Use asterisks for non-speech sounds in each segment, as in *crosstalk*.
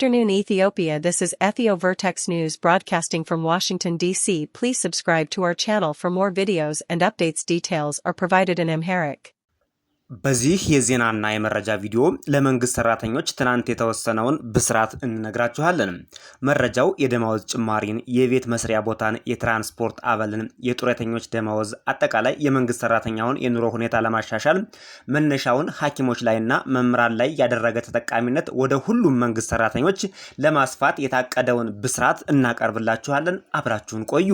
afternoon Ethiopia This is Ethio Vertex News broadcasting from Washington, D.C. Please subscribe to our channel for more videos and updates details are provided in Amharic. በዚህ የዜናና የመረጃ ቪዲዮ ለመንግስት ሰራተኞች ትናንት የተወሰነውን ብስራት እንነግራችኋለን። መረጃው የደማወዝ ጭማሪን፣ የቤት መስሪያ ቦታን፣ የትራንስፖርት አበልን፣ የጡረተኞች ደማወዝ አጠቃላይ የመንግስት ሰራተኛውን የኑሮ ሁኔታ ለማሻሻል መነሻውን ሐኪሞች ላይና መምህራን ላይ ያደረገ ተጠቃሚነት ወደ ሁሉም መንግስት ሰራተኞች ለማስፋት የታቀደውን ብስራት እናቀርብላችኋለን። አብራችሁን ቆዩ።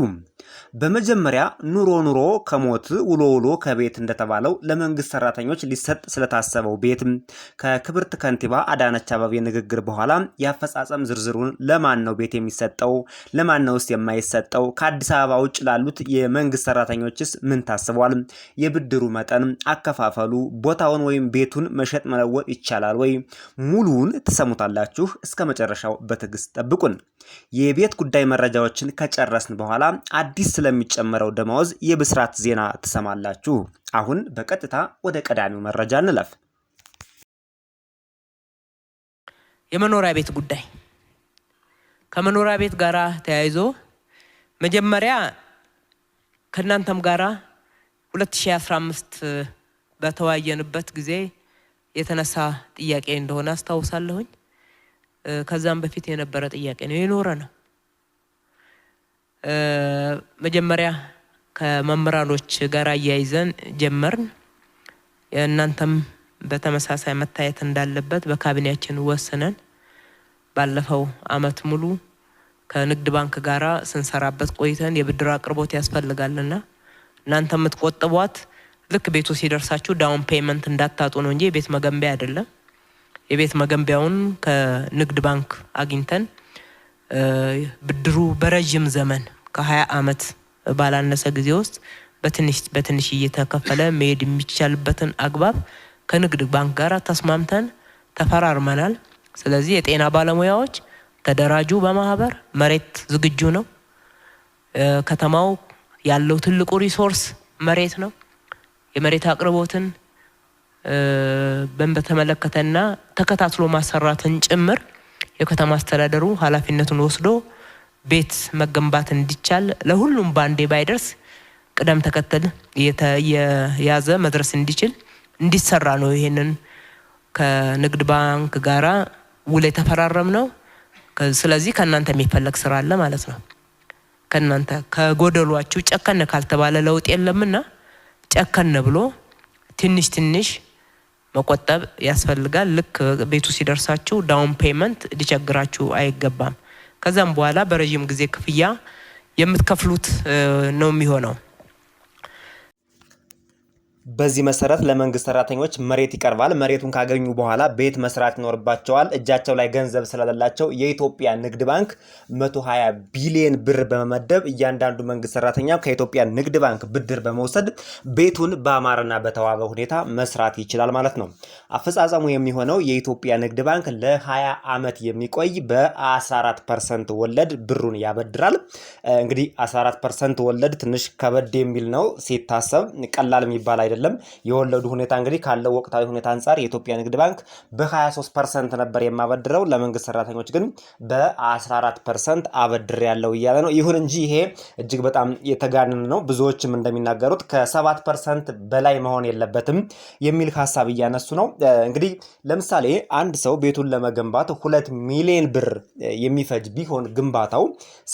በመጀመሪያ ኑሮ ኑሮ ከሞት ውሎ ውሎ ከቤት እንደተባለው ለመንግስት ሰራተኞች ሊሰጥ ስለታሰበው ቤትም ከክብርት ከንቲባ አዳነች አበቤ ንግግር በኋላ የአፈጻጸም ዝርዝሩን ለማን ነው ቤት የሚሰጠው፣ ለማን ነውስ የማይሰጠው፣ ከአዲስ አበባ ውጭ ላሉት የመንግስት ሰራተኞችስ ምን ታስቧል፣ የብድሩ መጠን፣ አከፋፈሉ፣ ቦታውን ወይም ቤቱን መሸጥ መለወጥ ይቻላል ወይ? ሙሉውን ትሰሙታላችሁ። እስከ መጨረሻው በትዕግስት ጠብቁን። የቤት ጉዳይ መረጃዎችን ከጨረስን በኋላ አዲስ ስለሚጨመረው ደመወዝ የብስራት ዜና ትሰማላችሁ። አሁን በቀጥታ ወደ ቀዳሚው መረጃ እንለፍ። የመኖሪያ ቤት ጉዳይ ከመኖሪያ ቤት ጋር ተያይዞ መጀመሪያ ከእናንተም ጋራ 2015 በተወያየንበት ጊዜ የተነሳ ጥያቄ እንደሆነ አስታውሳለሁኝ። ከዛም በፊት የነበረ ጥያቄ ነው የኖረ ነው። መጀመሪያ ከመምህራኖች ጋር አያይዘን ጀመርን። እናንተም በተመሳሳይ መታየት እንዳለበት በካቢኔያችን ወስነን ባለፈው አመት ሙሉ ከንግድ ባንክ ጋር ስንሰራበት ቆይተን የብድር አቅርቦት ያስፈልጋልና እናንተ የምትቆጥቧት ልክ ቤቱ ሲደርሳችሁ ዳውን ፔመንት እንዳታጡ ነው እንጂ የቤት መገንቢያ አይደለም። የቤት መገንቢያውን ከንግድ ባንክ አግኝተን ብድሩ በረዥም ዘመን ከ አመት ባላነሰ ጊዜ ውስጥ በትንሽ በትንሽ እየተከፈለ መሄድ የሚቻልበትን አግባብ ከንግድ ባንክ ጋር ተስማምተን ተፈራርመናል። ስለዚህ የጤና ባለሙያዎች ተደራጁ፣ በማህበር መሬት ዝግጁ ነው። ከተማው ያለው ትልቁ ሪሶርስ መሬት ነው። የመሬት አቅርቦትን በተመለከተና ተከታትሎ ማሰራትን ጭምር የከተማ አስተዳደሩ ኃላፊነቱን ወስዶ ቤት መገንባት እንዲቻል ለሁሉም ባንዴ ባይደርስ ቅደም ተከተል የያዘ መድረስ እንዲችል እንዲሰራ ነው። ይሄንን ከንግድ ባንክ ጋራ ውል የተፈራረም ነው። ስለዚህ ከእናንተ የሚፈለግ ስራ አለ ማለት ነው። ከእናንተ ከጎደሏችሁ ጨከን ካልተባለ ለውጥ የለምና ጨከን ብሎ ትንሽ ትንሽ መቆጠብ ያስፈልጋል። ልክ ቤቱ ሲደርሳችሁ ዳውን ፔመንት ሊቸግራችሁ አይገባም። ከዛም በኋላ በረዥም ጊዜ ክፍያ የምትከፍሉት ነው የሚሆነው። በዚህ መሰረት ለመንግስት ሰራተኞች መሬት ይቀርባል። መሬቱን ካገኙ በኋላ ቤት መስራት ይኖርባቸዋል። እጃቸው ላይ ገንዘብ ስለሌላቸው የኢትዮጵያ ንግድ ባንክ 120 ቢሊዮን ብር በመመደብ እያንዳንዱ መንግስት ሰራተኛ ከኢትዮጵያ ንግድ ባንክ ብድር በመውሰድ ቤቱን በአማረና በተዋበ ሁኔታ መስራት ይችላል ማለት ነው። አፈጻጸሙ የሚሆነው የኢትዮጵያ ንግድ ባንክ ለ20 ዓመት የሚቆይ በ14 ፐርሰንት ወለድ ብሩን ያበድራል። እንግዲህ 14 ፐርሰንት ወለድ ትንሽ ከበድ የሚል ነው ሲታሰብ ቀላል የሚባል አይደለም። አይደለም። የወለዱ ሁኔታ እንግዲህ ካለው ወቅታዊ ሁኔታ አንጻር የኢትዮጵያ ንግድ ባንክ በ23 ፐርሰንት ነበር የማበድረው ለመንግስት ሰራተኞች ግን በ14 ፐርሰንት አበድር ያለው እያለ ነው። ይሁን እንጂ ይሄ እጅግ በጣም የተጋነነ ነው። ብዙዎችም እንደሚናገሩት ከ7 ፐርሰንት በላይ መሆን የለበትም የሚል ሀሳብ እያነሱ ነው። እንግዲህ ለምሳሌ አንድ ሰው ቤቱን ለመገንባት ሁለት ሚሊዮን ብር የሚፈጅ ቢሆን ግንባታው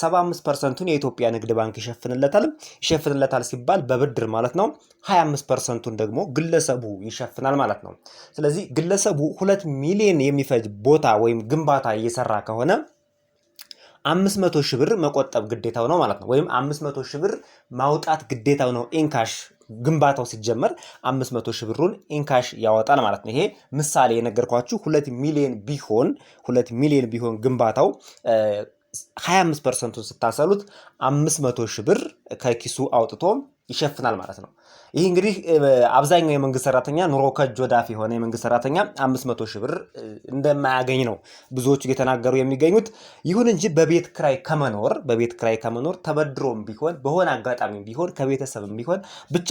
75 ፐርሰንቱን የኢትዮጵያ ንግድ ባንክ ይሸፍንለታል። ይሸፍንለታል ሲባል በብድር ማለት ነው 25 ፐርሰንቱን ደግሞ ግለሰቡ ይሸፍናል ማለት ነው። ስለዚህ ግለሰቡ ሁለት ሚሊዮን የሚፈጅ ቦታ ወይም ግንባታ እየሰራ ከሆነ አምስት መቶ ሺህ ብር መቆጠብ ግዴታው ነው ማለት ነው። ወይም አምስት መቶ ሺህ ብር ማውጣት ግዴታው ነው ኢንካሽ ግንባታው ሲጀመር አምስት መቶ ሺህ ብሩን ኢንካሽ ያወጣል ማለት ነው። ይሄ ምሳሌ የነገርኳችሁ ሁለት ሚሊዮን ቢሆን ሁለት ሚሊዮን ቢሆን ግንባታው 25 ፐርሰንቱን ስታሰሉት 500 ሺህ ብር ከኪሱ አውጥቶ ይሸፍናል ማለት ነው። ይህ እንግዲህ አብዛኛው የመንግስት ሰራተኛ ኑሮ ከእጅ ወዳፍ የሆነ የመንግስት ሰራተኛ አምስት መቶ ሺህ ብር እንደማያገኝ ነው ብዙዎቹ እየተናገሩ የሚገኙት። ይሁን እንጂ በቤት ክራይ ከመኖር በቤት ክራይ ከመኖር ተበድሮም ቢሆን በሆነ አጋጣሚ ቢሆን ከቤተሰብም ቢሆን ብቻ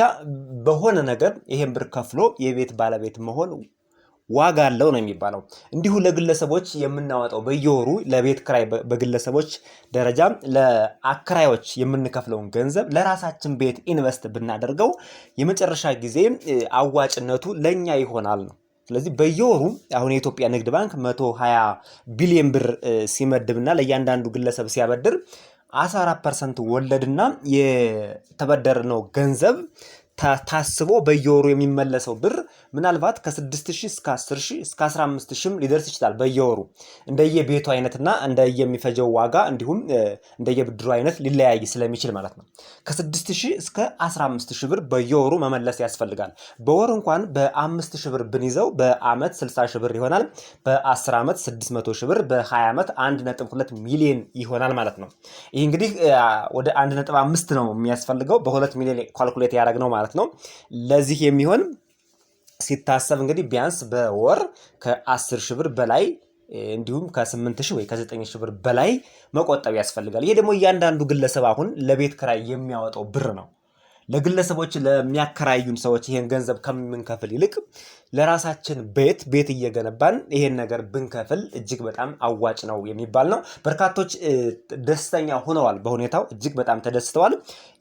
በሆነ ነገር ይሄን ብር ከፍሎ የቤት ባለቤት መሆን ዋጋ አለው ነው የሚባለው። እንዲሁ ለግለሰቦች የምናወጣው በየወሩ ለቤት ክራይ በግለሰቦች ደረጃ ለአከራዮች የምንከፍለውን ገንዘብ ለራሳችን ቤት ኢንቨስት ብናደርገው የመጨረሻ ጊዜ አዋጭነቱ ለእኛ ይሆናል ነው። ስለዚህ በየወሩ አሁን የኢትዮጵያ ንግድ ባንክ 120 ቢሊዮን ብር ሲመድብና ለእያንዳንዱ ግለሰብ ሲያበድር 14 ፐርሰንት ወለድና የተበደርነው ገንዘብ ታስቦ በየወሩ የሚመለሰው ብር ምናልባት ከ6000 እስከ 10000 እስከ 15000 ሊደርስ ይችላል። በየወሩ እንደየ ቤቱ አይነትና እንደየሚፈጀው ዋጋ እንዲሁም እንደየ ብድሩ አይነት ሊለያይ ስለሚችል ማለት ነው። ከ6000 እስከ 15000 ብር በየወሩ መመለስ ያስፈልጋል። በወር እንኳን በ5000 ብር ብንይዘው በአመት 60000 ብር ይሆናል። በ10 አመት 600000 ብር፣ በ20 ዓመት 1.2 ሚሊዮን ይሆናል ማለት ነው። ይህ እንግዲህ ወደ 1.5 ነው የሚያስፈልገው በ2 ሚሊዮን ካልኩሌት ያደረግነው ማለት ነው። ማለት ነው። ለዚህ የሚሆን ሲታሰብ እንግዲህ ቢያንስ በወር ከአስር ሺህ ብር በላይ እንዲሁም ከስምንት ሺህ ወይ ከዘጠኝ ሺህ ብር በላይ መቆጠብ ያስፈልጋል። ይሄ ደግሞ እያንዳንዱ ግለሰብ አሁን ለቤት ክራይ የሚያወጣው ብር ነው። ለግለሰቦች ለሚያከራዩን ሰዎች ይሄን ገንዘብ ከምንከፍል ይልቅ ለራሳችን ቤት ቤት እየገነባን ይሄን ነገር ብንከፍል እጅግ በጣም አዋጭ ነው የሚባል ነው። በርካቶች ደስተኛ ሆነዋል፣ በሁኔታው እጅግ በጣም ተደስተዋል።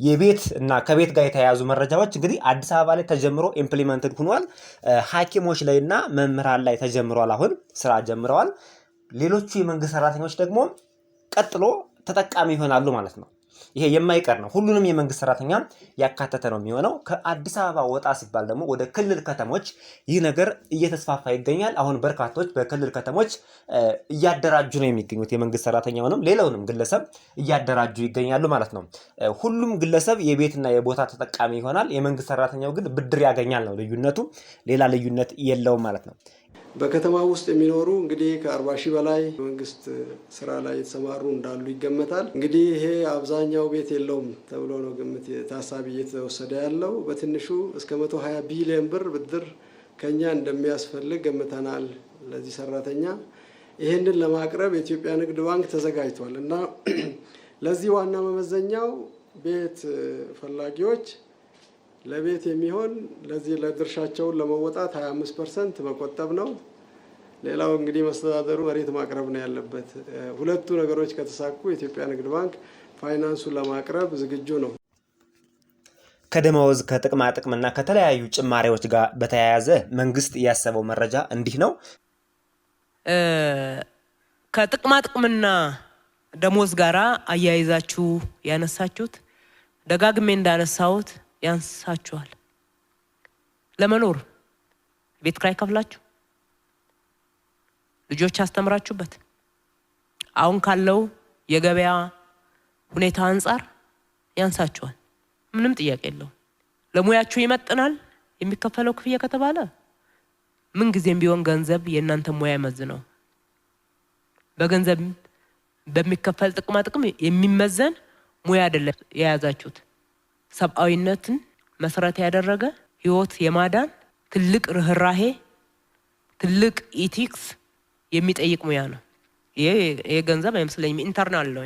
የቤት እና ከቤት ጋር የተያያዙ መረጃዎች እንግዲህ አዲስ አበባ ላይ ተጀምሮ ኢምፕሊመንትድ ሆኗል። ሐኪሞች ላይ እና መምህራን ላይ ተጀምሯል። አሁን ስራ ጀምረዋል። ሌሎቹ የመንግስት ሰራተኞች ደግሞ ቀጥሎ ተጠቃሚ ይሆናሉ ማለት ነው። ይሄ የማይቀር ነው። ሁሉንም የመንግስት ሰራተኛ ያካተተ ነው የሚሆነው። ከአዲስ አበባ ወጣ ሲባል ደግሞ ወደ ክልል ከተሞች ይህ ነገር እየተስፋፋ ይገኛል። አሁን በርካቶች በክልል ከተሞች እያደራጁ ነው የሚገኙት። የመንግስት ሰራተኛውንም ሌላውንም ግለሰብ እያደራጁ ይገኛሉ ማለት ነው። ሁሉም ግለሰብ የቤትና የቦታ ተጠቃሚ ይሆናል። የመንግስት ሰራተኛው ግን ብድር ያገኛል ነው ልዩነቱ። ሌላ ልዩነት የለውም ማለት ነው። በከተማ ውስጥ የሚኖሩ እንግዲህ ከአርባ ሺህ በላይ መንግስት ስራ ላይ የተሰማሩ እንዳሉ ይገመታል። እንግዲህ ይሄ አብዛኛው ቤት የለውም ተብሎ ነው ግምት ታሳቢ እየተወሰደ ያለው። በትንሹ እስከ መቶ ሀያ ቢሊዮን ብር ብድር ከኛ እንደሚያስፈልግ ገምተናል ለዚህ ሰራተኛ። ይህንን ለማቅረብ የኢትዮጵያ ንግድ ባንክ ተዘጋጅቷል እና *clears throat* ለዚህ ዋና መመዘኛው ቤት ፈላጊዎች ለቤት የሚሆን ለዚህ ለድርሻቸውን ለመወጣት 25 ፐርሰንት መቆጠብ ነው። ሌላው እንግዲህ መስተዳደሩ መሬት ማቅረብ ነው ያለበት። ሁለቱ ነገሮች ከተሳኩ የኢትዮጵያ ንግድ ባንክ ፋይናንሱን ለማቅረብ ዝግጁ ነው። ከደመወዝ ከጥቅማ ጥቅምና ከተለያዩ ጭማሪዎች ጋር በተያያዘ መንግስት ያሰበው መረጃ እንዲህ ነው። ከጥቅማ ጥቅምና ደሞዝ ጋር አያይዛችሁ ያነሳችሁት ደጋግሜ እንዳነሳሁት ያንሳችኋል። ለመኖር ቤት ክራይ ከፍላችሁ ልጆች አስተምራችሁበት አሁን ካለው የገበያ ሁኔታ አንጻር ያንሳችኋል። ምንም ጥያቄ የለው? ለሙያችሁ ይመጥናል። የሚከፈለው ክፍያ ከተባለ ምን ጊዜም ቢሆን ገንዘብ የእናንተ ሙያ ነው በገንዘብ በሚከፈል ጥቅማ ጥቅም የሚመዘን ሙያ አይደለም የያዛችሁት። ሰብአዊነትን መሰረት ያደረገ ህይወት የማዳን ትልቅ ርኅራሄ፣ ትልቅ ኢቲክስ የሚጠይቅ ሙያ ነው። ይሄ ገንዘብ አይመስለኝም። ኢንተርናል ነው።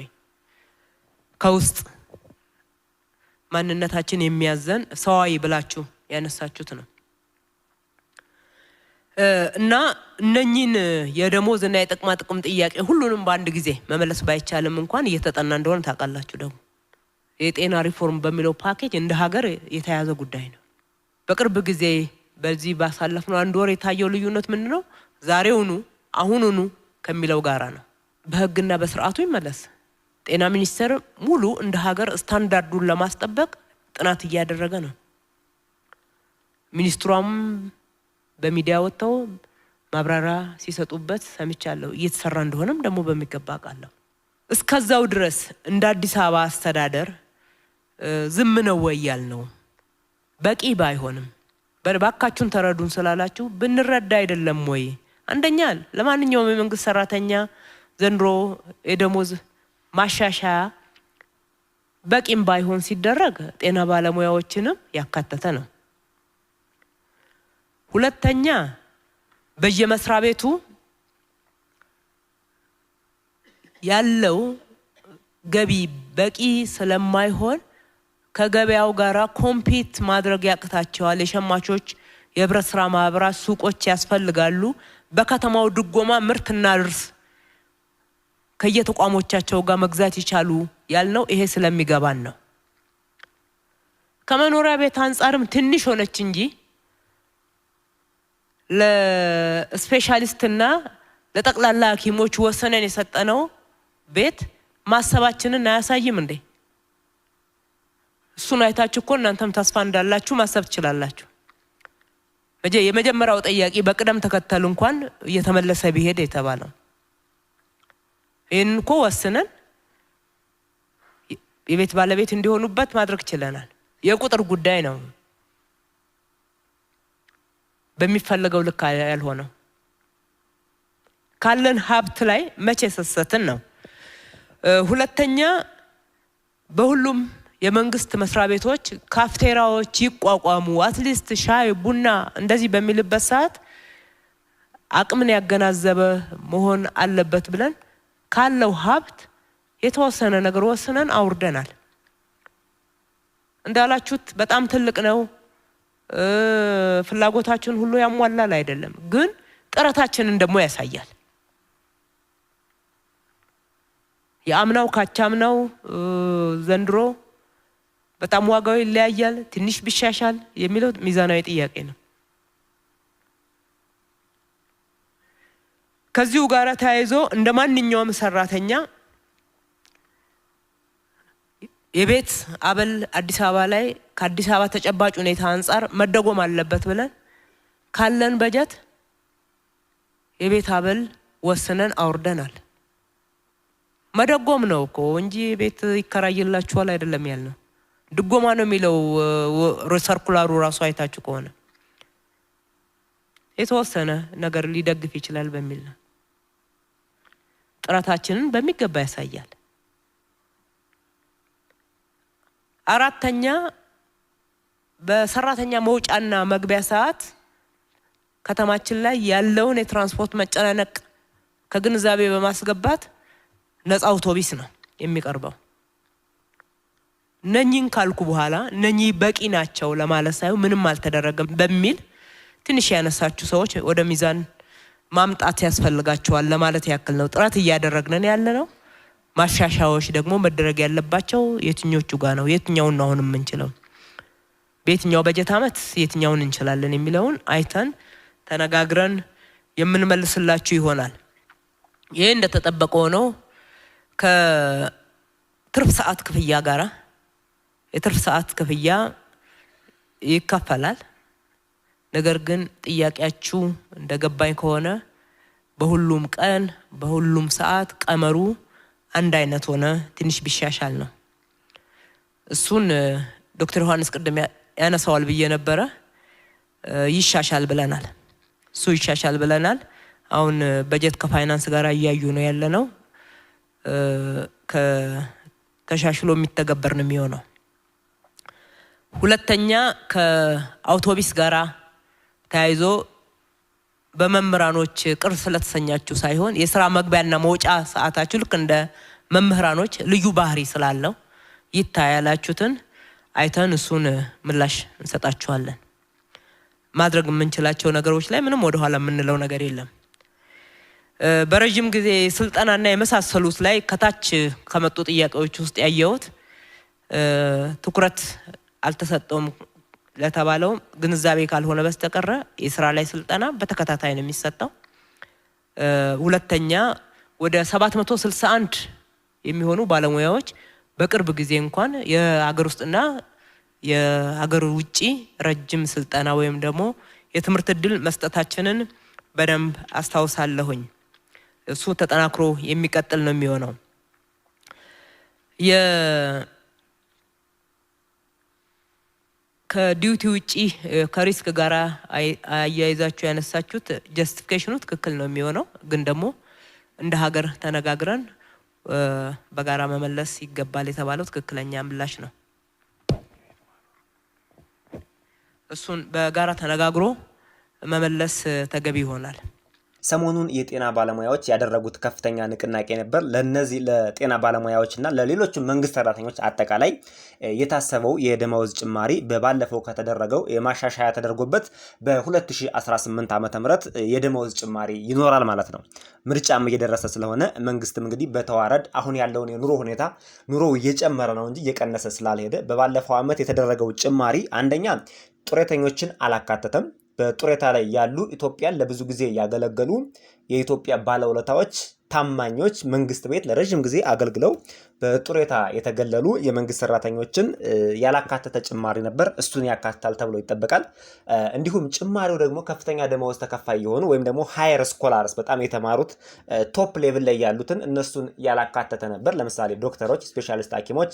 ከውስጥ ማንነታችን የሚያዘን ሰዋይ ብላችሁ ያነሳችሁት ነው እና እነኚህን የደሞዝ እና የጥቅማ ጥቅም ጥያቄ ሁሉንም በአንድ ጊዜ መመለስ ባይቻልም እንኳን እየተጠና እንደሆነ ታውቃላችሁ። ደግሞ የጤና ሪፎርም በሚለው ፓኬጅ እንደ ሀገር የተያዘ ጉዳይ ነው። በቅርብ ጊዜ በዚህ ባሳለፍነው አንድ ወር የታየው ልዩነት ምንድነው ዛሬውኑ አሁኑኑ ከሚለው ጋራ ነው። በህግና በስርዓቱ ይመለስ። ጤና ሚኒስቴር ሙሉ እንደ ሀገር ስታንዳርዱን ለማስጠበቅ ጥናት እያደረገ ነው። ሚኒስትሯም በሚዲያ ወጥተው ማብራሪያ ሲሰጡበት ሰምቻለሁ። እየተሰራ እንደሆነም ደግሞ በሚገባ አውቃለሁ። እስከዛው ድረስ እንደ አዲስ አበባ አስተዳደር ዝም ነው ወይ ያልነው በቂ ባይሆንም በባካችሁን ተረዱን ስላላችሁ ብንረዳ አይደለም ወይ አንደኛ ለማንኛውም የመንግስት ሰራተኛ ዘንድሮ የደሞዝ ማሻሻያ በቂም ባይሆን ሲደረግ ጤና ባለሙያዎችንም ያካተተ ነው። ሁለተኛ በየመስሪያ ቤቱ ያለው ገቢ በቂ ስለማይሆን ከገበያው ጋራ ኮምፒት ማድረግ ያቅታቸዋል። የሸማቾች የህብረት ስራ ማህበራት ሱቆች ያስፈልጋሉ። በከተማው ድጎማ ምርት እናድርስ ከየተቋሞቻቸው ጋር መግዛት ይቻሉ ያልነው ይሄ ስለሚገባን ነው። ከመኖሪያ ቤት አንጻርም ትንሽ ሆነች እንጂ ለስፔሻሊስትና ለጠቅላላ ሐኪሞች ወሰነን የሰጠነው ቤት ማሰባችንን አያሳይም እንዴ? እሱን አይታችሁ እኮ እናንተም ተስፋ እንዳላችሁ ማሰብ ትችላላችሁ። የመጀመሪያው ጥያቄ በቅደም ተከተል እንኳን እየተመለሰ ቢሄድ የተባለው ይህን እኮ ወስነን የቤት ባለቤት እንዲሆኑበት ማድረግ ችለናል። የቁጥር ጉዳይ ነው በሚፈለገው ልክ ያልሆነው። ካለን ሀብት ላይ መቼ ሰሰትን ነው። ሁለተኛ በሁሉም የመንግስት መስሪያ ቤቶች ካፍቴራዎች ይቋቋሙ። አትሊስት ሻይ ቡና እንደዚህ በሚልበት ሰዓት አቅምን ያገናዘበ መሆን አለበት ብለን ካለው ሀብት የተወሰነ ነገር ወስነን አውርደናል። እንዳላችሁት በጣም ትልቅ ነው። ፍላጎታችን ሁሉ ያሟላል አይደለም፣ ግን ጥረታችንን ደግሞ ያሳያል። የአምናው ካቻምናው ዘንድሮ በጣም ዋጋው ይለያያል። ትንሽ ብሻሻል የሚለው ሚዛናዊ ጥያቄ ነው። ከዚሁ ጋር ተያይዞ እንደ ማንኛውም ሰራተኛ የቤት አበል አዲስ አበባ ላይ ከአዲስ አበባ ተጨባጭ ሁኔታ አንጻር መደጎም አለበት ብለን ካለን በጀት የቤት አበል ወስነን አውርደናል። መደጎም ነው እኮ እንጂ ቤት ይከራይላችኋል አይደለም ያልነው። ድጎማ ነው የሚለው ሰርኩላሩ ራሱ አይታችሁ ከሆነ የተወሰነ ነገር ሊደግፍ ይችላል በሚል ነው። ጥረታችንን በሚገባ ያሳያል። አራተኛ በሰራተኛ መውጫና መግቢያ ሰዓት ከተማችን ላይ ያለውን የትራንስፖርት መጨናነቅ ከግንዛቤ በማስገባት ነፃ አውቶቢስ ነው የሚቀርበው። እነኚህን ካልኩ በኋላ እነኚህ በቂ ናቸው ለማለት ሳይሆን ምንም አልተደረገም በሚል ትንሽ ያነሳችሁ ሰዎች ወደ ሚዛን ማምጣት ያስፈልጋቸዋል ለማለት ያክል ነው። ጥረት እያደረግነን ያለ ነው። ማሻሻያዎች ደግሞ መደረግ ያለባቸው የትኞቹ ጋር ነው፣ የትኛውን አሁን የምንችለው በየትኛው በጀት ዓመት የትኛውን እንችላለን የሚለውን አይተን ተነጋግረን የምንመልስላችሁ ይሆናል። ይህ እንደተጠበቀው ነው ከትርፍ ሰዓት ክፍያ ጋራ የትርፍ ሰዓት ክፍያ ይከፈላል። ነገር ግን ጥያቄያችሁ እንደገባኝ ከሆነ በሁሉም ቀን በሁሉም ሰዓት ቀመሩ አንድ አይነት ሆነ፣ ትንሽ ቢሻሻል ነው። እሱን ዶክተር ዮሐንስ ቅድም ያነሳዋል ብዬ ነበረ። ይሻሻል ብለናል፣ እሱ ይሻሻል ብለናል። አሁን በጀት ከፋይናንስ ጋር እያዩ ነው ያለ ነው። ከሻሽሎ የሚተገበር ነው የሚሆነው። ሁለተኛ ከአውቶቢስ ጋር ተያይዞ በመምህራኖች ቅር ስለተሰኛችሁ ሳይሆን የስራ መግቢያና መውጫ ሰዓታችሁ ልክ እንደ መምህራኖች ልዩ ባህሪ ስላለው ይታያላችሁትን አይተን እሱን ምላሽ እንሰጣችኋለን። ማድረግ የምንችላቸው ነገሮች ላይ ምንም ወደኋላ የምንለው ነገር የለም። በረዥም ጊዜ ስልጠናና የመሳሰሉት ላይ ከታች ከመጡ ጥያቄዎች ውስጥ ያየሁት ትኩረት አልተሰጠውም ለተባለውም ግንዛቤ ካልሆነ በስተቀረ የስራ ላይ ስልጠና በተከታታይ ነው የሚሰጠው። ሁለተኛ ወደ 761 የሚሆኑ ባለሙያዎች በቅርብ ጊዜ እንኳን የሀገር ውስጥና የሀገር ውጪ ረጅም ስልጠና ወይም ደግሞ የትምህርት እድል መስጠታችንን በደንብ አስታውሳለሁኝ። እሱ ተጠናክሮ የሚቀጥል ነው የሚሆነው። ከዲዩቲ ውጪ ከሪስክ ጋር አያይዛችሁ ያነሳችሁት ጀስቲፊኬሽኑ ትክክል ነው የሚሆነው ግን ደግሞ እንደ ሀገር ተነጋግረን በጋራ መመለስ ይገባል የተባለው ትክክለኛ ምላሽ ነው። እሱን በጋራ ተነጋግሮ መመለስ ተገቢ ይሆናል። ሰሞኑን የጤና ባለሙያዎች ያደረጉት ከፍተኛ ንቅናቄ ነበር። ለነዚህ ለጤና ባለሙያዎች እና ለሌሎቹ መንግስት ሰራተኞች አጠቃላይ የታሰበው የደመወዝ ጭማሪ በባለፈው ከተደረገው የማሻሻያ ተደርጎበት በ2018 ዓ ም የደመወዝ ጭማሪ ይኖራል ማለት ነው። ምርጫም እየደረሰ ስለሆነ መንግስትም እንግዲህ በተዋረድ አሁን ያለውን የኑሮ ሁኔታ ኑሮ እየጨመረ ነው እንጂ እየቀነሰ ስላልሄደ በባለፈው ዓመት የተደረገው ጭማሪ አንደኛ ጡረተኞችን አላካተተም። በጡረታ ላይ ያሉ ኢትዮጵያን ለብዙ ጊዜ ያገለገሉ የኢትዮጵያ ባለውለታዎች፣ ታማኞች መንግስት ቤት ለረዥም ጊዜ አገልግለው በጡሬታ የተገለሉ የመንግስት ሰራተኞችን ያላካተተ ጭማሪ ነበር። እሱን ያካትታል ተብሎ ይጠበቃል። እንዲሁም ጭማሪው ደግሞ ከፍተኛ ደመወዝ ተከፋይ የሆኑ ወይም ደግሞ ሃየር ስኮላርስ በጣም የተማሩት ቶፕ ሌቭል ላይ ያሉትን እነሱን ያላካተተ ነበር። ለምሳሌ ዶክተሮች፣ ስፔሻሊስት ሐኪሞች፣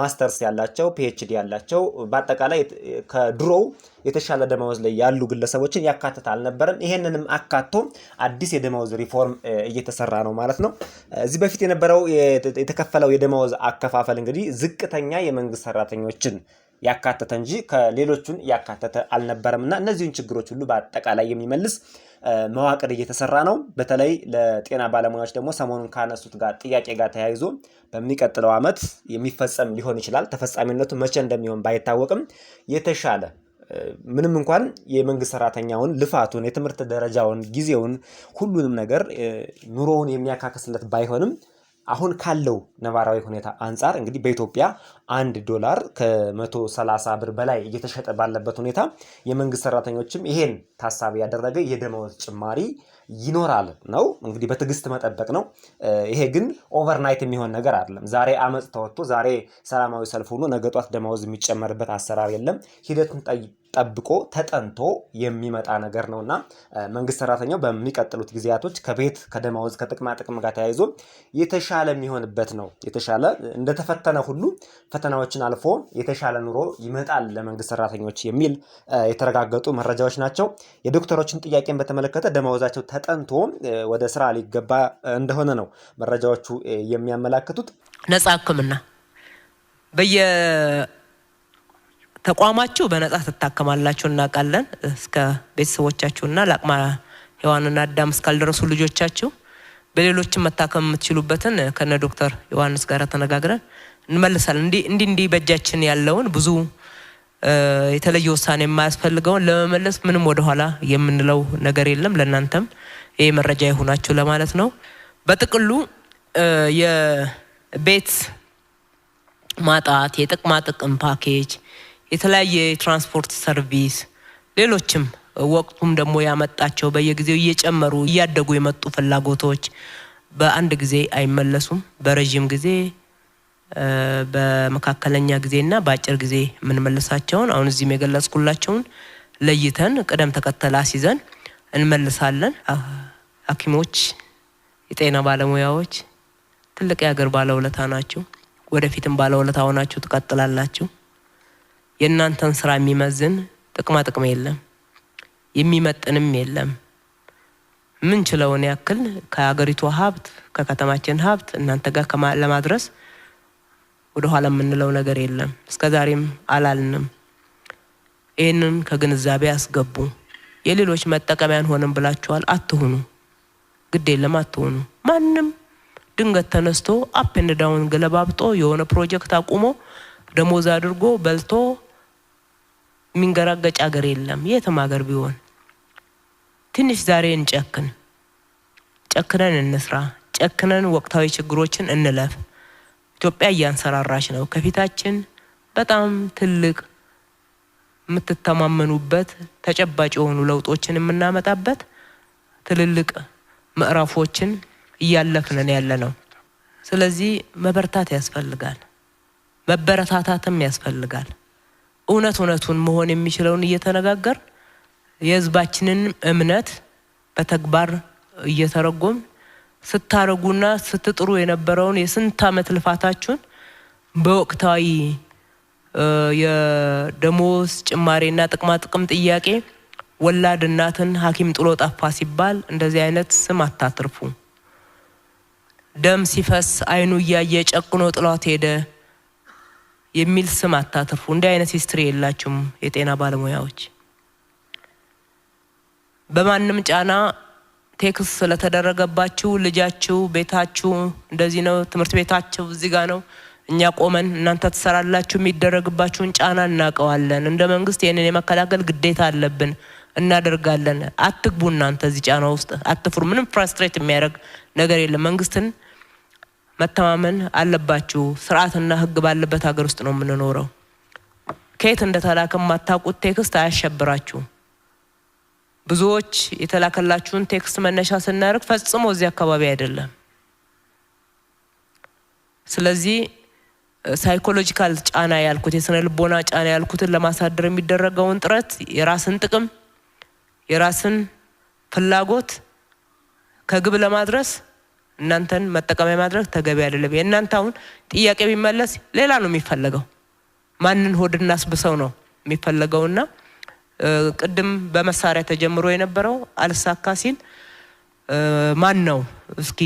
ማስተርስ ያላቸው፣ ፒኤችዲ ያላቸው በአጠቃላይ ከድሮው የተሻለ ደመወዝ ላይ ያሉ ግለሰቦችን ያካተተ አልነበረም። ይሄንንም አካቶ አዲስ የደመወዝ ሪፎርም እየተሰራ ነው ማለት ነው። እዚህ በፊት የነበረው የተከፈለው የደመወዝ አከፋፈል እንግዲህ ዝቅተኛ የመንግስት ሰራተኞችን ያካተተ እንጂ ከሌሎቹን ያካተተ አልነበረም እና እነዚህን ችግሮች ሁሉ በአጠቃላይ የሚመልስ መዋቅር እየተሰራ ነው። በተለይ ለጤና ባለሙያዎች ደግሞ ሰሞኑን ካነሱት ጋር ጥያቄ ጋር ተያይዞ በሚቀጥለው ዓመት የሚፈጸም ሊሆን ይችላል። ተፈጻሚነቱ መቼ እንደሚሆን ባይታወቅም የተሻለ ምንም እንኳን የመንግስት ሰራተኛውን ልፋቱን፣ የትምህርት ደረጃውን፣ ጊዜውን ሁሉንም ነገር ኑሮውን የሚያካክስለት ባይሆንም አሁን ካለው ነባራዊ ሁኔታ አንጻር እንግዲህ በኢትዮጵያ አንድ ዶላር ከ130 ብር በላይ እየተሸጠ ባለበት ሁኔታ የመንግስት ሰራተኞችም ይሄን ታሳቢ ያደረገ የደመወዝ ጭማሪ ይኖራል ነው እንግዲህ በትዕግስት መጠበቅ ነው። ይሄ ግን ኦቨርናይት የሚሆን ነገር አይደለም። ዛሬ አመፅ ተወጥቶ ዛሬ ሰላማዊ ሰልፍ ሆኖ ነገ ጧት ደመወዝ የሚጨመርበት አሰራር የለም። ሂደቱን ጠብቆ ተጠንቶ የሚመጣ ነገር ነውና መንግስት ሰራተኛው በሚቀጥሉት ጊዜያቶች ከቤት ከደማወዝ ከጥቅማ ጥቅም ጋር ተያይዞ የተሻለ የሚሆንበት ነው። የተሻለ እንደተፈተነ ሁሉ ፈተናዎችን አልፎ የተሻለ ኑሮ ይመጣል ለመንግስት ሰራተኞች የሚል የተረጋገጡ መረጃዎች ናቸው። የዶክተሮችን ጥያቄን በተመለከተ ደማወዛቸው ተጠንቶ ወደ ስራ ሊገባ እንደሆነ ነው መረጃዎቹ የሚያመላክቱት። ነጻ ህክምና በየ ተቋማችሁ በነጻ ትታከማላችሁ እናውቃለን። እስከ ቤተሰቦቻችሁና ለአቅመ ሔዋንና አዳም እስካልደረሱ ልጆቻችሁ በሌሎችም መታከም የምትችሉበትን ከነ ዶክተር ዮሐንስ ጋር ተነጋግረን እንመልሳለን። እንዲህ እንዲህ እንዲህ በእጃችን ያለውን ብዙ የተለየ ውሳኔ የማያስፈልገውን ለመመለስ ምንም ወደኋላ የምንለው ነገር የለም። ለእናንተም ይሄ መረጃ ይሆናችሁ ለማለት ነው። በጥቅሉ የቤት ማጣት፣ የጥቅማጥቅም ፓኬጅ የተለያየ የትራንስፖርት ሰርቪስ፣ ሌሎችም ወቅቱም ደግሞ ያመጣቸው በየጊዜው እየጨመሩ እያደጉ የመጡ ፍላጎቶች በአንድ ጊዜ አይመለሱም። በረዥም ጊዜ በመካከለኛ ጊዜ እና በአጭር ጊዜ የምንመልሳቸውን አሁን እዚህም የገለጽኩላቸውን ለይተን ቅደም ተከተል አስይዘን እንመልሳለን። ሐኪሞች የጤና ባለሙያዎች ትልቅ የሀገር ባለውለታ ናችሁ። ወደፊትም ባለውለታ ሆናችሁ ትቀጥላላችሁ። የእናንተን ስራ የሚመዝን ጥቅማ ጥቅም የለም፣ የሚመጥንም የለም። ምን ችለውን ያክል ከሀገሪቱ ሀብት ከከተማችን ሀብት እናንተ ጋር ለማድረስ ወደኋላ የምንለው ነገር የለም። እስከዛሬም አላልንም። ይህንን ከግንዛቤ አስገቡ። የሌሎች መጠቀሚያን ሆንም ብላችኋል። አትሁኑ፣ ግድ የለም አትሁኑ። ማንም ድንገት ተነስቶ አፕ ገለባብጦ የሆነ ፕሮጀክት አቁሞ ደሞዝ አድርጎ በልቶ የሚንገራገጭ ሀገር የለም። የትም ሀገር ቢሆን ትንሽ ዛሬ እንጨክን፣ ጨክነን እንስራ፣ ጨክነን ወቅታዊ ችግሮችን እንለፍ። ኢትዮጵያ እያንሰራራች ነው። ከፊታችን በጣም ትልቅ የምትተማመኑበት ተጨባጭ የሆኑ ለውጦችን የምናመጣበት ትልልቅ ምዕራፎችን እያለፍነን ያለ ነው። ስለዚህ መበርታት ያስፈልጋል፣ መበረታታትም ያስፈልጋል። እውነት እውነቱን መሆን የሚችለውን እየተነጋገር የህዝባችንን እምነት በተግባር እየተረጎም ስታረጉና ስትጥሩ የነበረውን የስንት ዓመት ልፋታችሁን በወቅታዊ የደሞዝ ጭማሬና ጥቅማጥቅም ጥያቄ ወላድ እናትን ሐኪም ጥሎ ጠፋ ሲባል እንደዚህ አይነት ስም አታትርፉ። ደም ሲፈስ አይኑ እያየ ጨቅኖ ጥሏት ሄደ የሚል ስም አታትርፉ። እንዲህ አይነት ሂስትሪ የላችሁም የጤና ባለሙያዎች። በማንም ጫና ቴክስ ስለተደረገባችሁ ልጃችሁ ቤታችሁ እንደዚህ ነው፣ ትምህርት ቤታችሁ እዚህ ጋር ነው፣ እኛ ቆመን እናንተ ትሰራላችሁ የሚደረግባችሁን ጫና እናውቀዋለን። እንደ መንግስት ይህንን የመከላከል ግዴታ አለብን፣ እናደርጋለን። አትግቡ እናንተ እዚህ ጫና ውስጥ አትፍሩ። ምንም ፍራስትሬት የሚያደርግ ነገር የለም መንግስትን መተማመን አለባችሁ። ስርዓትና ህግ ባለበት ሀገር ውስጥ ነው የምንኖረው። ከየት እንደተላከ የማታውቁት ቴክስት አያሸብራችሁ። ብዙዎች የተላከላችሁን ቴክስት መነሻ ስናደርግ ፈጽሞ እዚህ አካባቢ አይደለም። ስለዚህ ሳይኮሎጂካል ጫና ያልኩት የስነ ልቦና ጫና ያልኩትን ለማሳደር የሚደረገውን ጥረት የራስን ጥቅም የራስን ፍላጎት ከግብ ለማድረስ እናንተን መጠቀሚያ ማድረግ ተገቢ አይደለም። የእናንተ አሁን ጥያቄ ቢመለስ ሌላ ነው የሚፈለገው። ማንን ሆድ እናስብሰው ነው የሚፈለገውና ቅድም በመሳሪያ ተጀምሮ የነበረው አልሳካ ሲል ማን ነው እስኪ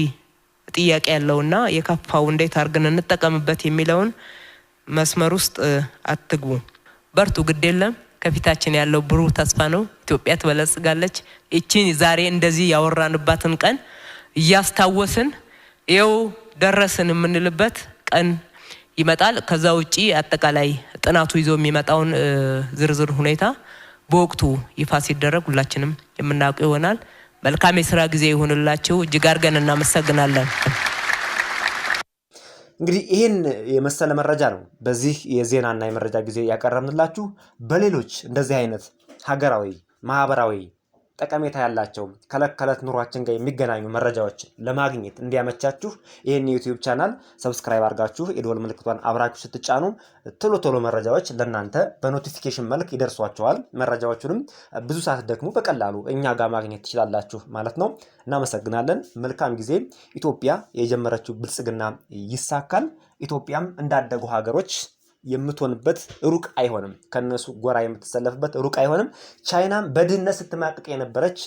ጥያቄ ያለውና የከፋው እንዴት አድርገን እንጠቀምበት የሚለውን መስመር ውስጥ አትግቡ። በርቱ፣ ግድ የለም ከፊታችን ያለው ብሩህ ተስፋ ነው። ኢትዮጵያ ትበለጽጋለች። ይቺን ዛሬ እንደዚህ ያወራንባትን ቀን እያስታወስን ይኸው ደረስን የምንልበት ቀን ይመጣል። ከዛ ውጪ አጠቃላይ ጥናቱ ይዞ የሚመጣውን ዝርዝር ሁኔታ በወቅቱ ይፋ ሲደረግ ሁላችንም የምናውቀው ይሆናል። መልካም የስራ ጊዜ ይሁንላችሁ። እጅግ አድርገን እናመሰግናለን። እንግዲህ ይህን የመሰለ መረጃ ነው በዚህ የዜናና የመረጃ ጊዜ ያቀረብንላችሁ። በሌሎች እንደዚህ አይነት ሀገራዊ፣ ማህበራዊ ጠቀሜታ ያላቸው ከዕለት ከዕለት ኑሯችን ጋር የሚገናኙ መረጃዎች ለማግኘት እንዲያመቻችሁ ይህን የዩቲዩብ ቻናል ሰብስክራይብ አድርጋችሁ የደወል ምልክቷን አብራችሁ ስትጫኑ ቶሎ ቶሎ መረጃዎች ለእናንተ በኖቲፊኬሽን መልክ ይደርሷቸዋል። መረጃዎቹንም ብዙ ደግሞ በቀላሉ እኛ ጋር ማግኘት ትችላላችሁ ማለት ነው። እናመሰግናለን። መልካም ጊዜ። ኢትዮጵያ የጀመረችው ብልጽግና ይሳካል። ኢትዮጵያም እንዳደጉ ሀገሮች የምትሆንበት ሩቅ አይሆንም። ከነሱ ጎራ የምትሰለፍበት ሩቅ አይሆንም። ቻይናም በድህነት ስትማቅቅ የነበረች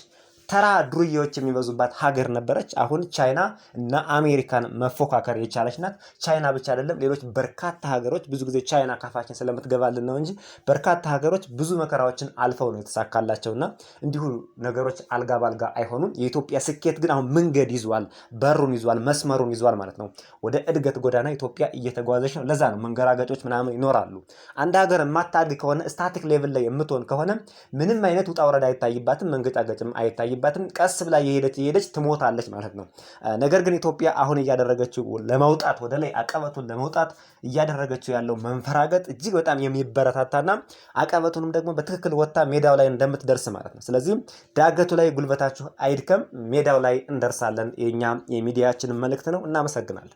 ተራ ዱርዬዎች የሚበዙባት ሀገር ነበረች። አሁን ቻይና እና አሜሪካን መፎካከር የቻለች ናት። ቻይና ብቻ አይደለም፣ ሌሎች በርካታ ሀገሮች ብዙ ጊዜ ቻይና ካፋችን ስለምትገባልን ነው እንጂ በርካታ ሀገሮች ብዙ መከራዎችን አልፈው ነው የተሳካላቸውና እንዲሁ ነገሮች አልጋ ባልጋ አይሆኑም። የኢትዮጵያ ስኬት ግን አሁን መንገድ ይዟል፣ በሩን ይዟል፣ መስመሩን ይዟል ማለት ነው። ወደ እድገት ጎዳና ኢትዮጵያ እየተጓዘች ነው። ለዛ ነው መንገራገጮች ምናምን ይኖራሉ። አንድ ሀገር የማታድግ ከሆነ ስታቲክ ሌቭል ላይ የምትሆን ከሆነ ምንም አይነት ውጣ ውረድ አይታይባትም፣ መንገጫገጭም አይታይ አያስፈልግባትም። ቀስ ብላ የሄደች የሄደች ትሞታለች ማለት ነው። ነገር ግን ኢትዮጵያ አሁን እያደረገችው ለመውጣት ወደ ላይ አቀበቱን ለመውጣት እያደረገችው ያለው መንፈራገጥ እጅግ በጣም የሚበረታታና አቀበቱንም ደግሞ በትክክል ወጥታ ሜዳው ላይ እንደምትደርስ ማለት ነው። ስለዚህ ዳገቱ ላይ ጉልበታችሁ አይድከም፣ ሜዳው ላይ እንደርሳለን። የኛ የሚዲያችን መልእክት ነው። እናመሰግናለን።